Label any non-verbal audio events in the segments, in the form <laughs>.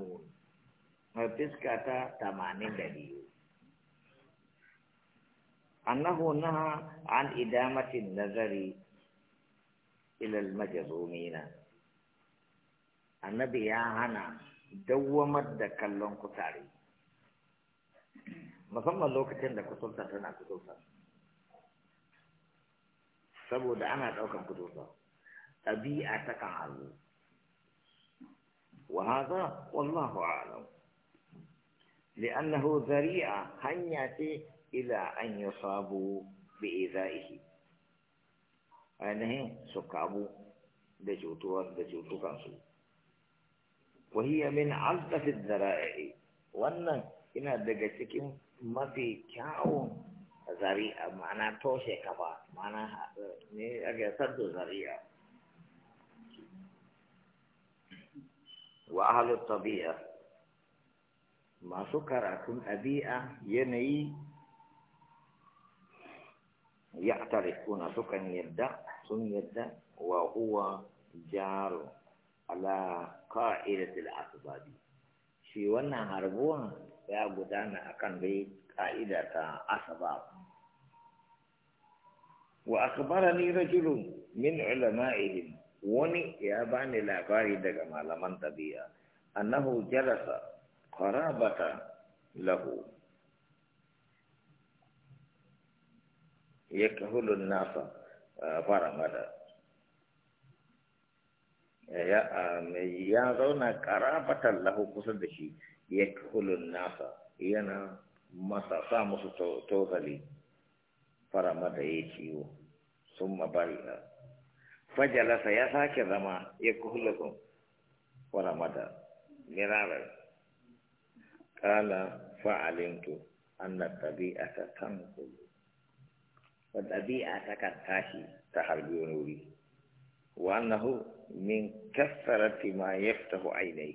sabun. Habis ta tamanin dari. biyu annahu naha an idamatin nazari ilal majazumina annabi ya hana dawwamar da kallon kutare musamman lokacin da kusurta tana kusurta saboda ana ɗaukan kusurta ɗabi'a ta kan hannu. وهذا والله أعلم لأنه ذريعة هنية إلى أن يصابوا بإذائه أنه سكابوا دجوتوا دجوتوا كنسوا وهي من عزة الذرائع وأن إن دجتكم ما في كاون ذريعة معنى توشي كبا معنى سرد ذريعة وأهل الطبيعة ما سكر أكون أبيعة يني يعترفون سكن يبدا ثم يبدا وهو جار على قائلة الأسباب في وانا هربوا يا بدانا أكن بي قائلة الأسباب وأخبرني رجل من علمائهم wani ya bani labari daga malaman tabi'a annahu jalasa qarabata lahu yakhulu an-nasa faramada uh, ya uh, ya zauna qarabatan lahu kusa da shi yakhulu an-nasa yana masa sa musu tozali faramada ya ciwo sun mabari'a فجلس يا ساكر رما يقول لكم ورمضا مرارا قال فعلمت أن الطبيعة تنقل والطبيعة كالتاشي تحربي ونوري وأنه من كثرة ما يفتح عينيه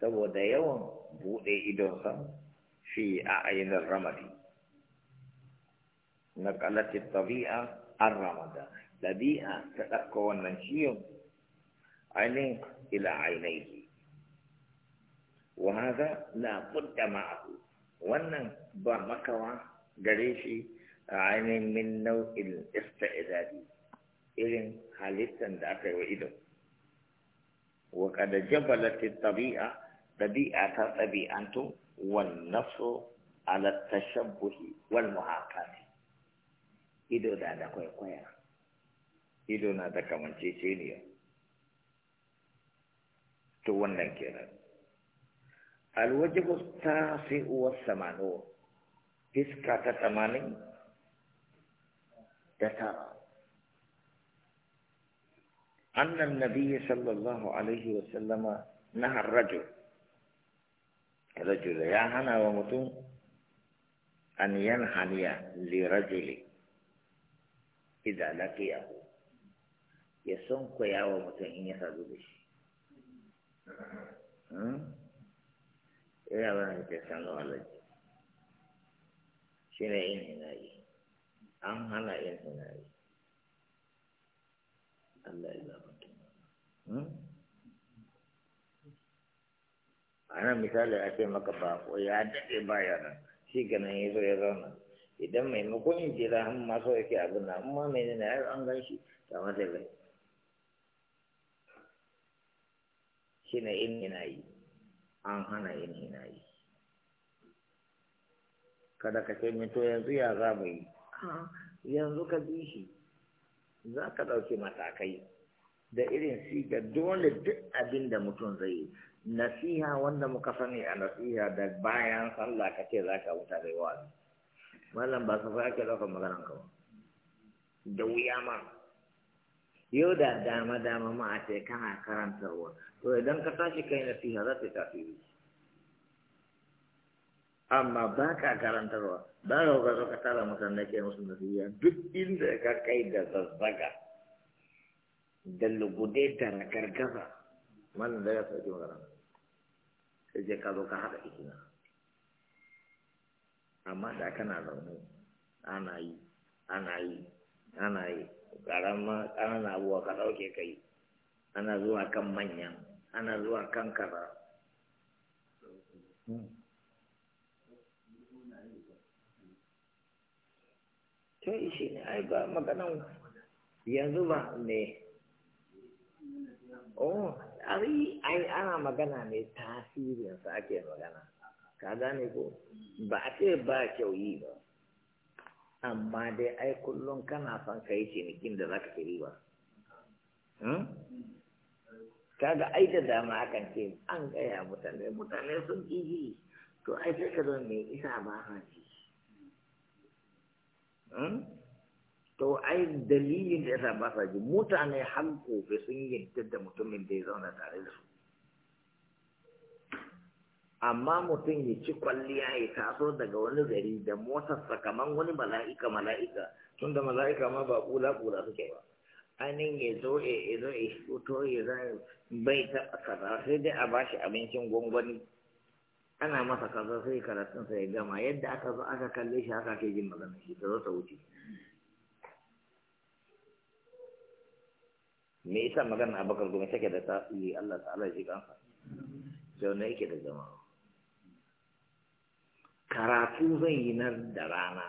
سوى يوم buɗe idonsa fi a ainihin ramadi na kalatin ɗabi'a ta ɗauka wannan ciwon ainihin ila ainihi wa haza la budda ma'ahu wannan ba makawa gare shi a ainihin min nau'in ista'izadi irin halittan da aka yi wa ido wa kada jabalatin tabi'a ɗabi'a ta ɗabi'antu wan nafsu ala tashabbuhi wal muhaqati ido da da kwaikwaya ido na ta da ne to wannan kenan al wajibu tafi wa samano fiska ta tamanin da ta tara أن النبي صلى الله عليه rajul نهى الرجل الرجل يا هنا ومتون أن li rajuli إذا لقيه ya sunkuya wa mutum in ya sadu da shi hmm? ina ba na ke san lawalaji shi ne yin hinayi an hana yin hinayi Allah ya zaba hmm? a nan misali a ce maka ba ko ya daɗe ba yaran shi ganin ya zo ya zauna idan maimakon in jira an maso yake abin na amma mai nuna ya an gan shi ta mata bai shi ne in yana yi an hana in yana yi kada ka ce mito yanzu ya za mu yi yanzu ka bi shi za ka ɗauki matakai da irin si siga dole duk abin da mutum zai yi nasiha wanda muka sani a nasiha da bayan sallah ka ce za ka wuta da yawa malam ba su fa ake ɗaukar maganan ka da wuya ma yau da dama dama ma a ce kana karantarwa to idan ka tashi kai na nasiha za ta tafi amma ba ka karantarwa ba ka ga ka tara da ke musu nasiha duk inda ka kai da zazzaga da lugude da ragargaza wannan da ya sauke magana sai je ka zo ka haɗa ikina amma da kana zaune ana yi ana yi ana yi karama ƙananan abuwa ka ɗauke kai ana zuwa kan manyan ana zuwa kan kara. to shi ne ai ba maganan yanzu ba ne oh ari ai ana magana ne tasirinsa ake magana ka gane ko ba a ce ba kyau yi ba amma dai ai kullum kana son ka yi cinikin da za ka ci riba hmm? kaga ai da dama akan ce an gaya mutane mutane sun ji to ai sai ka zo mai isa ba haji hmm? to ai dalilin da sa ba haji mutane har gobe sun yadda da mutumin da ya zauna tare da su amma mutum ya ci kwalliya ya taso daga wani gari da motarsa kamar wani mala'ika mala'ika tun da mala'ika ma ba kula kula suke ba ainihin ya zo ya zo ya fito ya zai bai taɓa kaza sai dai a bashi abincin gwangwani ana masa kaza sai karatun sa ya gama yadda aka zo aka kalle shi haka ke jin magana shi ta zo ta wuce me yasa magana abakar gumi take da tasiri Allah ta'ala shi kansa sau na yake da jama'a karatu zai yi na da rana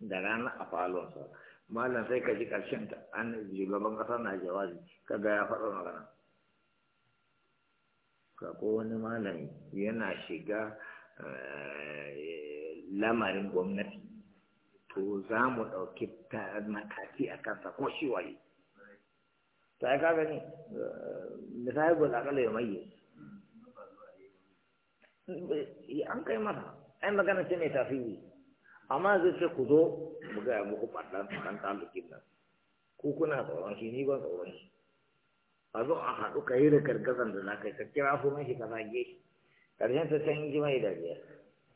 da rana a falonsa malam sai ka ji karshen ta an shugaban ƙasa na jawabi ga ya faɗa magana ka ko wani malami yana shiga eh, lamarin gwamnati to za mu ɗauki makaki a kansa ko shi waye ta yi kaga ne eh, misali gwada akalla ya maye eh, an kai masa ai magana ce mai ne amma zai ce ku zo mu gaya muku ɓarɗan ɗan talukin nan ku kuna tsoron shi ni ban tsoron shi a zo a haɗu ka yi da gargazan da na kai ka kira sunan shi ka zage shi ƙarshen ta can yi mai shi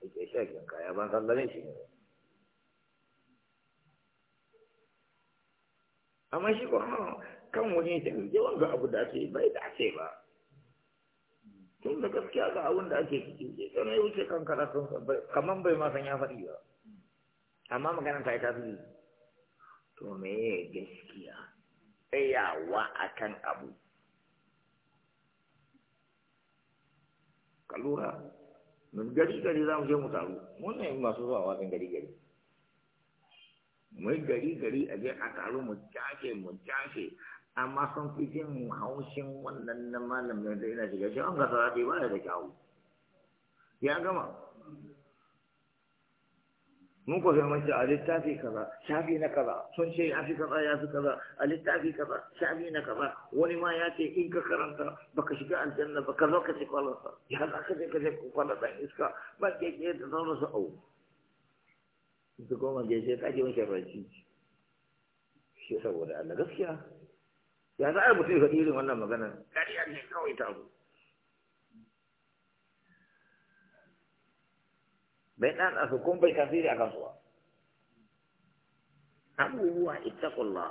ake shakin kaya ban sallamin shi ne amma shi ko ah, kan wani ta yi wanga abu da yi, bai da ce ba tun da gaskiya ga abin da ake ciki sai kana wuce kan karatun kaman bai ma san ya faɗi ba amma maganar ta yi tasiri to me gaskiya tsayawa akan abu ka mun gari gari za mu je mu taru mun ne masu zuwa wasan gari gari Mun gari gari a je a taru mu cashe mu cashe amma sun fi jin haushin wannan na malamin da yana shiga shi an ga sarari ba da kyawu ya gama mun ko sai mace a littafi kaza shafi na kaza sun ce ya fi kaza ya fi kaza a littafi kaza shafi na kaza wani ma ya ce in ka karanta baka shiga aljanna ba ka zo ka ce kwallonsa ya za ka je ka je kwallon ɗan iska ba ke ke da zaune su au su goma je sai ta ke mace rashi shi saboda Allah gaskiya ya za a mutum faɗi irin wannan magana ƙarya ne kawai ta abu bai ɗan a hukun bai tasiri a kasuwa abubuwa ita kulla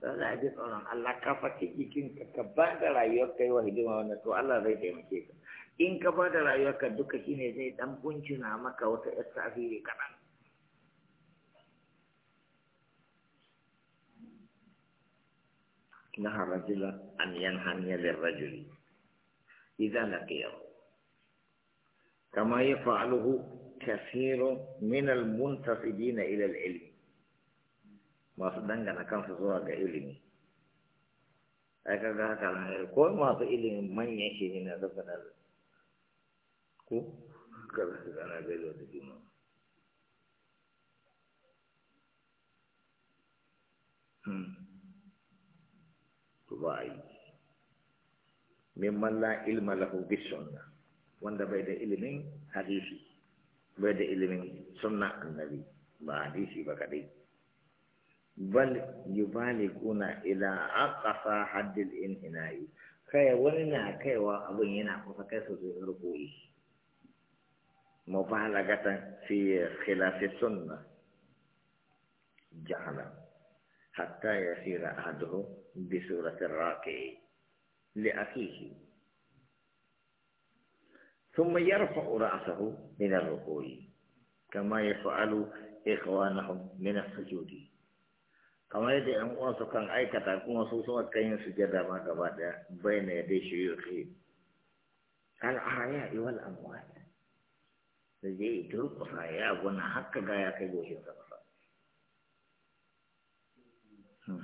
za a ji tsoron Allah ka fata ikin ka ba da rayuwarka yi wa hidima wanda to Allah zai taimake ka in ka ba da ka duka shine zai ɗan buncina maka wata yar tasiri kaɗan Naha rajulah an yang hanya lirajuli. Iza lakiyah. Kama yafa'aluhu kathiru minal muntasidina ilal ilmi. Maksudnya tidak akan sesuai Masu ilmi. Aka gaha kalah. Kau masuk ilmi manyeshi hina tu Ko Ku? Kalah sekarang ada dua tujuh mahu. Hmm. ba a yi mimman la ilma lahu sunna wanda bai da ilimin hadisi bai da ilimin sunna annabi ba hadisi ba kadai bal yubaliguna ila aqsa haddil inhina'i kai wani na kaiwa abin yana kusa kai su zai rubuyi mubalagatan fi khilafi sunna jahalan hatta ya ahaduhu bi surati raqi li akhihi thumma yarfa'u ra'sahu min ar-ruku'i kama yaf'alu ikhwanuhum min as-sujudi kamar yadda yan uwansu kan aikata kuma su suka kan yin sujada ma gaba daya bai na yadda shi yi ke kan ahaya iwal amuwa da zai yi turkusa ya gwana haka ga ya kai goshin sama Ah,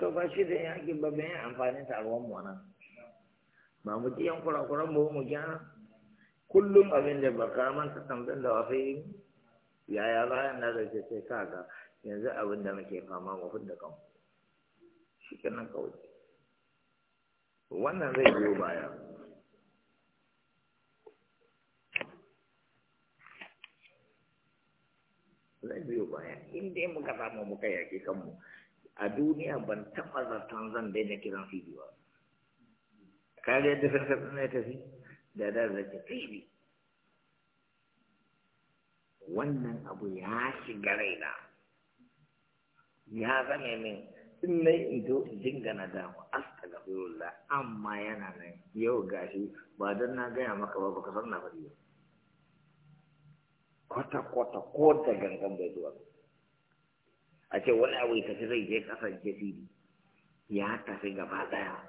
to ba shi da yakin ba mai amfani da ruwan mu nan ba mu ji yan kurakuran mu mu gyara kullum abin da baka manta tambayin da wafi yaya bayan na zai ce ga. yanzu abin da muke fama mu da kan shi kenan kawai wannan zai biyo baya zai biyo baya in dai muka samu muka yaƙi kanmu a duniya ban taɓa zartan zan daina kiran fili ba kare yadda sarkar na ya tafi da da zace fili wannan abu ya shiga raina ya zame min in na yi ido dinga na damu astagfirullah amma yana nan yau gashi ba don na gaya maka ba baka san na faɗi ba kwata kwata ko da gangan bai zuwa a ce wani abu ya tafi zai je kasan jefiri ya tafi gaba daya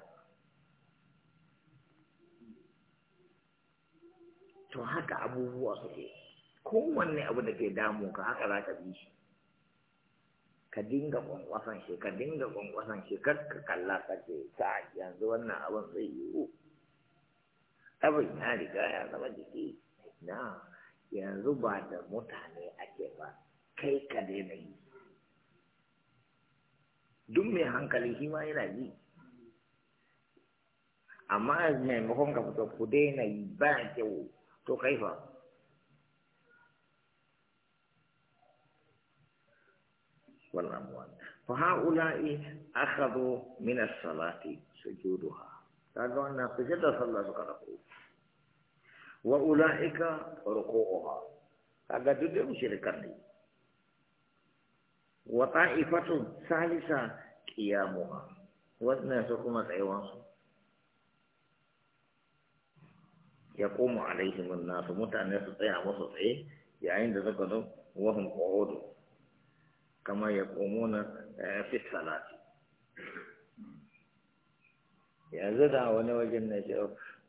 to haka abubuwa suke kowanne abu da ke damu ka haka za ka bi shi ka dinga kwankwasan shi ka dinga kwankwasan shi kar ka kalla ka ce ta yanzu wannan abin zai yiwu abin ya riga ya zama jiki na yanzu ba da mutane ake ba kai ka daina yi duk mai hankali shi ma yana yi amma maimakon ka fito ku daina yi ba kyau to kai fa. والأموال فهؤلاء أخذوا من الصلاة سجودها قالوا أنها سجد صلى سكرته وأولئك ركوعها هذا جد لي وطائفة ثالثة قيامها والناس كما أيوانهم يقوم عليهم الناس متى الناس تطيع وسط إيه يعني ذكروا وهم قعود كما يقومون في الصلاة yanzu da wani wajen na ce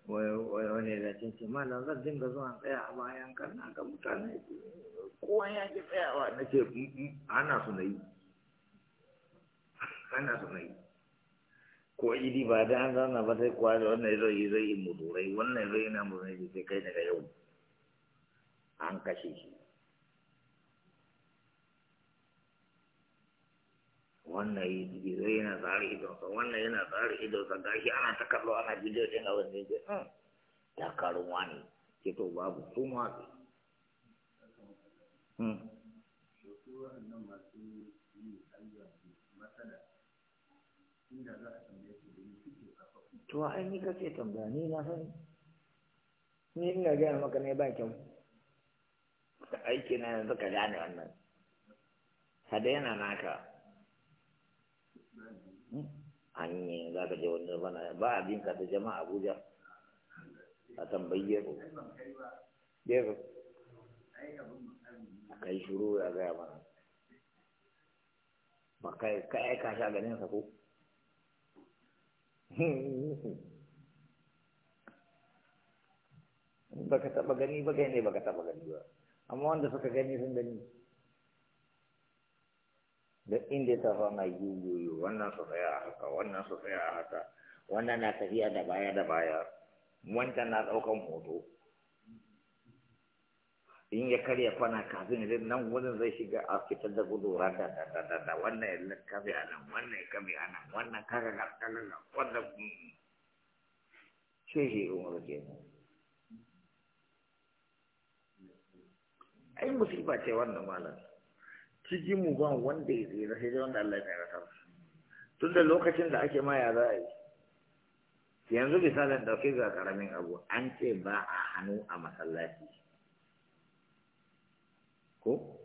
wani da cinci malam zan dinga zuwa tsaya a bayan kan na ga وانا kowa ya ke انا na mm, mm, ko idi ba da an zana ba sai kwari wannan zai yi zai yi mudurai wannan zai yi na mudurai sai kai daga yau an kashe shi wannan yana tsara idonsa wannan yana tsara idonsa gashi ana ta kallo ana bidiyo ɗin a wani ne ya karu wani ke to babu sun watsi hmm. to ai ni kake tambaya ni na sani ni ina gaya maka ne ba kyau aiki na yanzu ka gane wannan Hada yana naka hanyar za ka je wani bana ba a bin ka da jama'a abuja a tambayi yaro yaro ka yi shuru ya gaya mana ba ka yi ka sha ganin sa ko <laughs> baka taba gani ba kai ne baka taba gani ba amma wanda suka gani sun gani duk inda ta fama yuyoyo wannan su tsaya a haka wannan su tsaya a haka wannan na tafiya da baya da baya wancan na ɗaukan hoto in ya karya fana kafin zai nan wurin zai shiga a fitar da gudu da da da da da wannan ya kabe a nan wannan ya kabe a nan wannan kaga ga kaga wannan shi shi umar ke ai musiba ce wannan malam cikin mu wanda ya tsira sai dai wanda Allah ya tsira ta tun da lokacin da ake ma ya za a yi yanzu da ɗauke ga karamin abu an ce ba a hannu a masallaci ko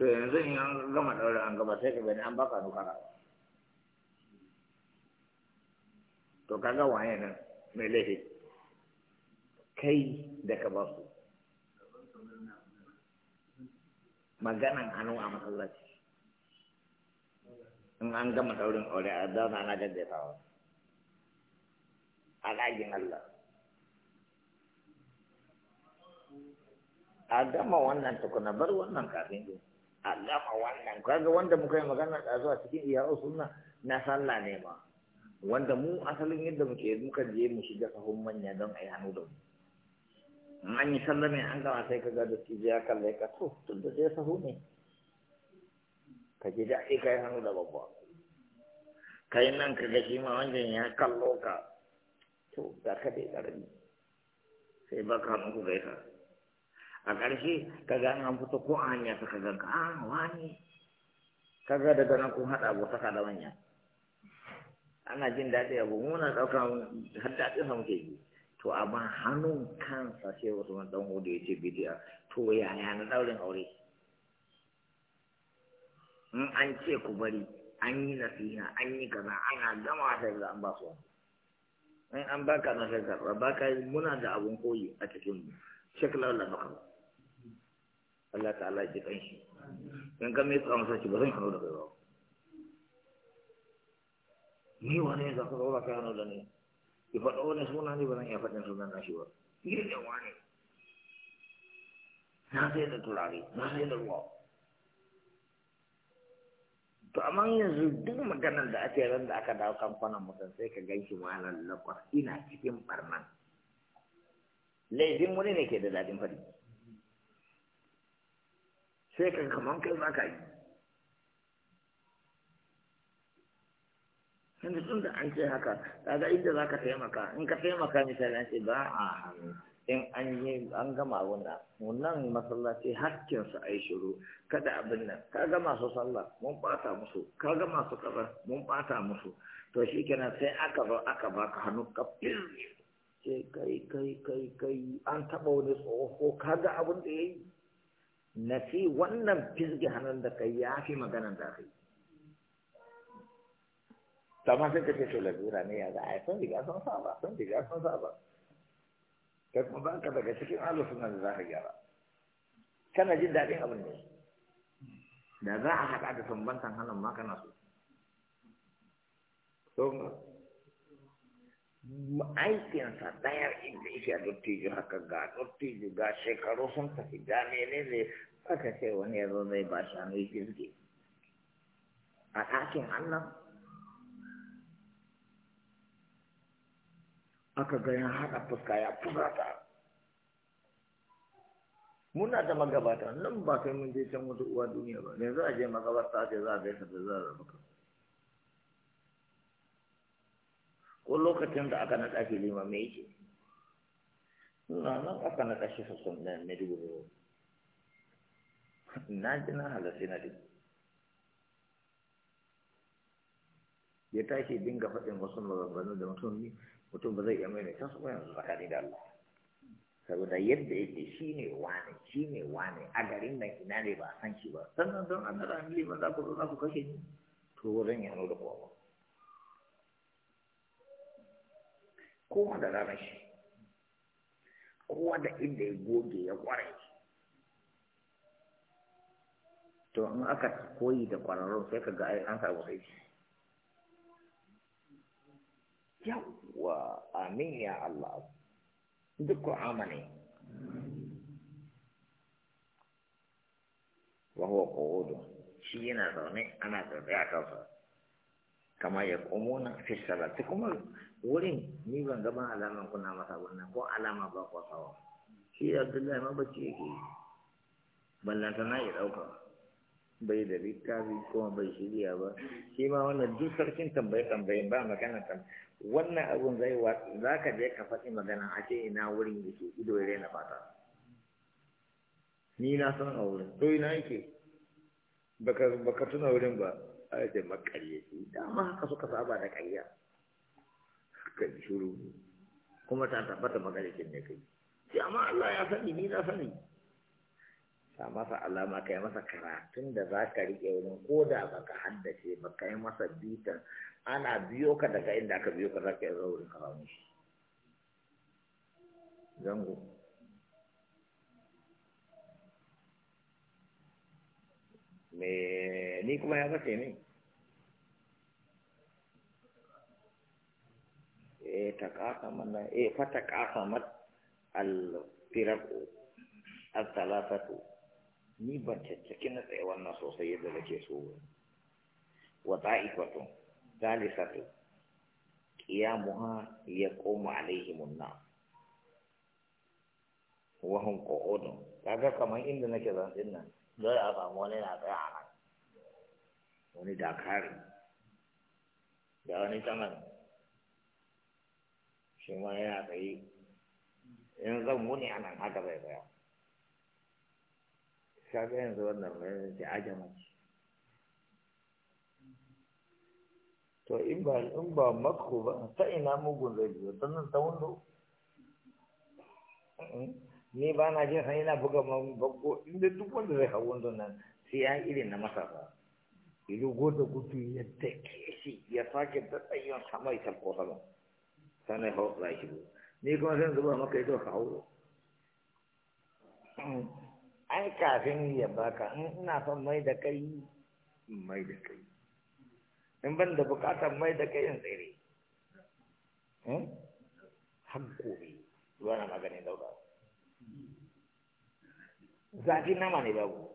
to yanzu in an gama ɗaure an gama sai ka gani an baka hannu kana to kaga waye nan mai laifi kai da ka ba su maganan hannu a masallaci in an gama daurin aure a zauna na jajjefawa a ɗagin Allah a gama wannan tukuna bar wannan kafin ɗin. a gama wannan kaga wanda muka yi magana a zuwa cikin iyawo suna na sallah ne ma wanda mu asalin yadda muke muka je mu shiga sahun manya don a yi hannu da mu an yi sallame an gama sai ka ga da tije ya kalle ka to tun da sai sahu ne ka ji daɗi ka yi hannu da babba ka yi nan ka ga shi ma wancan ya kallo ka to da ka dai ƙarami sai ba ka hannu ku gaisa a ƙarshe ka ga an fito ko a hanya ka ga ah, ka a wani ka ga daga nan kun haɗa abota da manya ana jin daɗi abu muna ɗaukan har daɗi sa muke yi to amma hannun kansa sai usman ɗan hudu ya ce bidiya to ya na daurin aure in an ce ku bari an yi nasiha an yi kaza ana gama sai ga an ba su in an baka na sai karba baka muna da abun koyi a cikin mu shekla Allah maka Allah ta'ala ji kanshi in ka mai tsawon sashi ba zan hannu da kai ba ni wani ya zaka zaura kai hannu da ni Ibad faɗa wani suna ne ba zan iya faɗin sunan nashi ba girgewa ne na sai da turare wah. sai da ruwa to amma yanzu duk akan da ake ran da saya kagai semua alam sai ka ganshi wahalar lakwas ina cikin barnan laifin wani ne ke da daɗin faɗi sai ka kaman kai ka yi yanzu tun da an ce haka kaga inda za ka taimaka in ka taimaka misali an ce ba a in an yi an gama wannan wannan masallaci hakkin su ai shiru kada abin nan ka gama su sallah mun bata musu ka gama su kaza mun bata musu to shi shikenan sai aka zo aka baka hannu ka ce kai kai kai kai an taba wani tsoho kaga abin da yayi na fi wannan fizgi hannun da kai ya fi maganan da kai sama sai ka ce to lalura ne ya za a son riga sun saba sun riga sun saba kai kuma ba ka daga cikin alu suna da za ka gyara kana jin daɗin abin ne da za a haɗa da sambantan hannun ma kana so don aikinsa ɗaya inda yake a dottijo haka ga dottijo ga shekaru sun tafi ga menene aka ce wani ya zo zai ba hay que yake Ataquen a ɗakin annan aka ga ya haɗa fuska ya fugata muna da magabata nan ba kai mun je can wata uwa duniya ba za a je magabarta ce za a gaisa da za a zama ko lokacin da aka naɗa ke lima mai yake na nan aka naɗa shi sassan na ruwa. na ji na halarci na dubu ya tashi dinga faɗin wasu maganganu da mutum mutum ba zai iya mai ta ba yanzu tsakani da Allah saboda yadda yake shi ne wane shi ne wane a garin nan ina ne ba san shi ba sannan don an dara mili ba za ku zo za ku kashe ni to wajen ya ko kowa kowa da ranar shi kowa da inda ya goge ya kware to in aka koyi da kwararru sai ka ga an samu sai yau wa amin ya Allah duk ku amane wa huwa qu'udu shi yana zaune ana zaune a kansa kama ya kumuna fi salati kuma wurin ni ban ga alaman kuna masa wannan ko alama ba ko sawa shi Abdullahi ma bace yake ballanta na ya dauka bai da littafi kuma bai shirya ba shi ma wannan duk sarkin tambaye tambaye ba magana tambaye wannan abun zai watsi za ka je ka faɗi magana a ce ina wurin da ke ido ya raina fata ni na san a wurin to ina yake baka baka tuna wurin ba a ce dama haka suka saba da ƙarya ka shuru kuma ta tabbata magaryacin ne kai sai amma Allah ya sani ni na sani sa masa alama kai masa karatun da za ka riƙe wurin ko da ba ka haddace ba ka yi masa bitan ana biyo ka daga inda aka biyo ka za ka yi zaurin karamu shi zango me ni kuma ya zace ne E eh, ta kasa mana e fa ta kasa mat al firaku al talafatu ni ban caccaki na tsaye wannan sosai yadda ke so ba wa ta'ifatu zalisatu qiyamuha yaqumu alaihimun nar wa hum qu'udun kaga kamar inda nake zan din nan dole a samu wani na tsaya a nan wani dakari da wani saman shi ma yana tsaye in zan wuni a nan haka zai tsaya kaga yanzu wannan mai da ajamanci to in ba in ba makko ba ta ina mugun zai biyo ta nan ta wando ni ba na jin san ina buga man bakko inda duk wanda zai hau wando nan sai ya irin na masara ido goda gudu ya dake shi ya sake ta tsayin sama ita ko sama sanai hau tsashi ni kuma zan zuba maka ido ka hau ai kafin ya baka in ina son mai da kai mai da kai in ban da bukatar mai da kai in tsere hmm? har gobe zuwa na maganin dauka zafi nama ne babu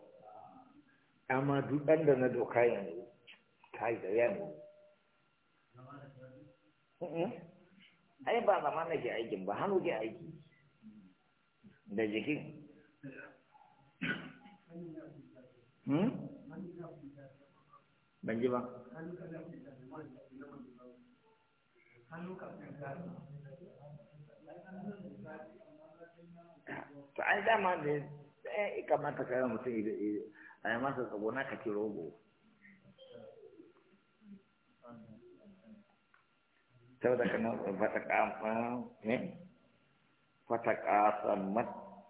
amma duk ɗan da na doka yanzu ta yi da ne. Hmm? ai ba zama na ke aikin ba hannu ke aiki da jikin hmm ban ji ba to dama ne sai kamata ka yi mutum a yi masa tsabo na rogo saboda kana ne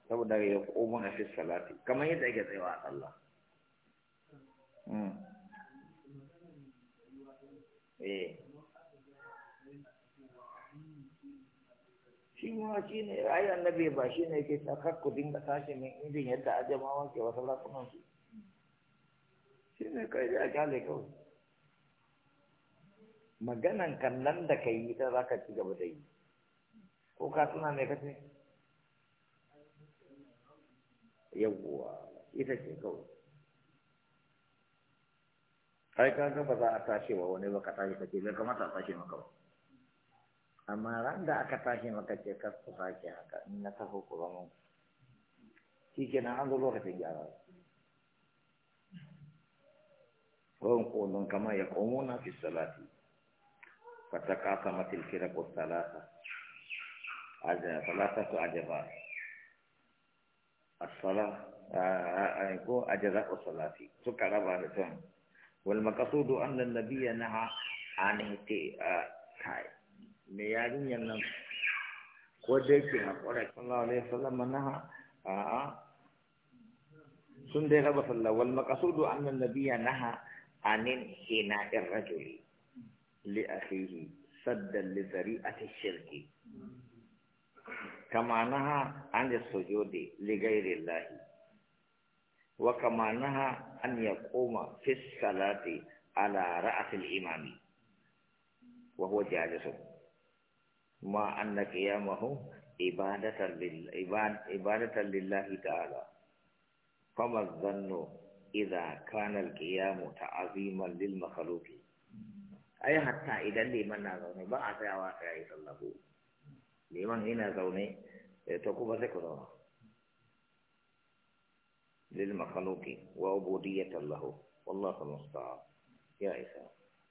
saboda ya ko na fi salati kamar yadda ake tsayawa a tsalla hmm. eh. shi ma shi ne ayi annabi ba shi ne ke sakar ku dinga tashi min injin yadda ajamawan ke wasu lakunan su shi ne kai da kyale kawai maganan nan da ka yi ta za ka ci gaba da yi ko ka tuna mai kace yawwa ita ce kawai kai kaga ba za a tashi wa wani ba ka tashi kake bai kamata a tashi maka ba amma ran da aka tashi maka ce kar ku sake haka in na taho ku zama shi kenan an zo lokacin gyara وهم قوم كما يقومون في الصلاة فتقاسمت a الثلاثة ثلاثة أجرات as-salah ko ah, ah, ajaza as-salati suka raba da tun wal maqsudu anna an-nabiyya naha an ite ah, kai me yarin nan ko dai ke hakura sallallahu naha a sun dai raba sallah wal maqsudu anna an-nabiyya naha an ite na ar-rajuli li akhihi saddan li zari'ati shirki كما نهى عن السجود لغير الله وكما نهى أن يقوم في الصلاة على رأس الإمام وهو جالس ما أن قيامه عبادة عبادة لله تعالى فما الظن إذا كان القيام تعظيما للمخلوق أي حتى إذا لمن نظر بعث واسع الله هنا آه، للمخلوق وعبودية الله والله المستعان يا إسلام